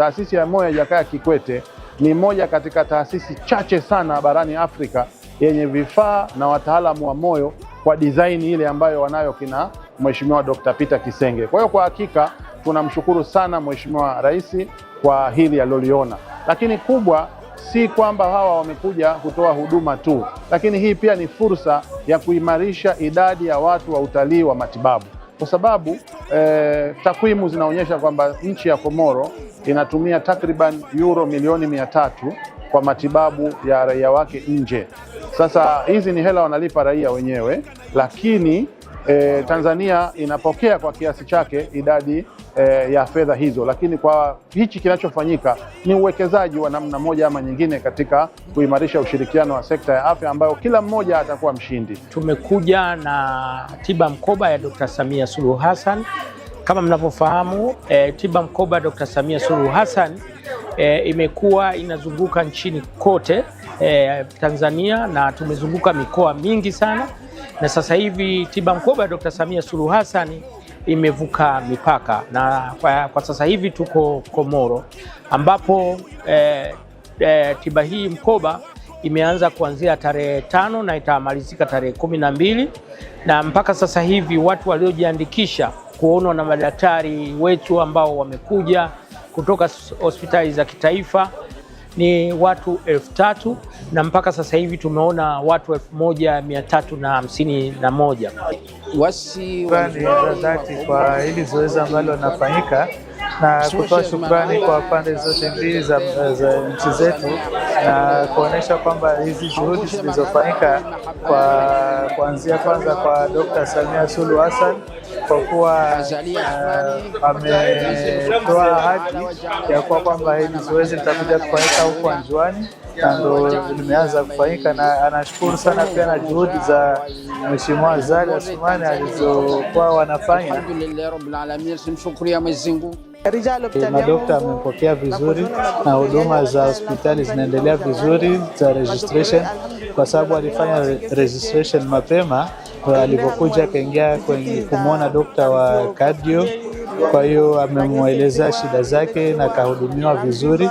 Taasisi ya moyo ya Jakaya Kikwete ni moja katika taasisi chache sana barani Afrika yenye vifaa na wataalamu wa moyo kwa dizaini ile ambayo wanayo kina Mheshimiwa Dr. Peter Kisenge. Kwa hiyo kwa hakika tunamshukuru sana Mheshimiwa Rais kwa hili aliloliona, lakini kubwa si kwamba hawa wamekuja kutoa huduma tu, lakini hii pia ni fursa ya kuimarisha idadi ya watu wa utalii wa matibabu kwa sababu eh, takwimu zinaonyesha kwamba nchi ya Komoro inatumia takriban euro milioni mia tatu kwa matibabu ya raia wake nje. Sasa hizi ni hela wanalipa raia wenyewe, lakini e, Tanzania inapokea kwa kiasi chake idadi e, ya fedha hizo, lakini kwa hichi kinachofanyika ni uwekezaji wa namna moja ama nyingine katika kuimarisha ushirikiano wa sekta ya afya ambayo kila mmoja atakuwa mshindi. Tumekuja na tiba mkoba ya Dr. Samia Suluhu Hassan. Kama mnavyofahamu e, tiba mkoba Dr. Samia Suluhu Hassan e, imekuwa inazunguka nchini kote eh, Tanzania na tumezunguka mikoa mingi sana, na sasa hivi tiba mkoba ya Dr. Samia Suluhu Hassan imevuka mipaka na kwa, kwa sasa hivi tuko Komoro ambapo eh, eh, tiba hii mkoba imeanza kuanzia tarehe tano na itamalizika tarehe kumi na mbili na mpaka sasa hivi watu waliojiandikisha kuonwa na madaktari wetu ambao wamekuja kutoka hospitali za kitaifa ni watu elfu tatu na mpaka sasa hivi tumeona watu elfu moja mia tatu na hamsini na moja wasi za dhati kwa hili zoezi ambalo linafanyika na kutoa shukrani kwa pande zote mbili za nchi zetu na kuonyesha kwamba hizi juhudi zilizofanyika kwa kuanzia kwanza kwa Dr. Samia Suluhu Hassan kwa kuwa uh, ametoa ahadi ya kuwa kwamba hili zoezi litakuja kufanyika huko Anjuani kando ndo limeanza kufanyika, na anashukuru sana pia na juhudi za Mheshimiwa Zari Asumani alizokuwa wanafanya. Madokta amempokea vizuri na huduma za hospitali zinaendelea vizuri za registration, kwa sababu alifanya registration mapema alipokuja akaingia kumwona dokta wa cardio kwa hiyo amemweleza shida zake na akahudumiwa vizuri.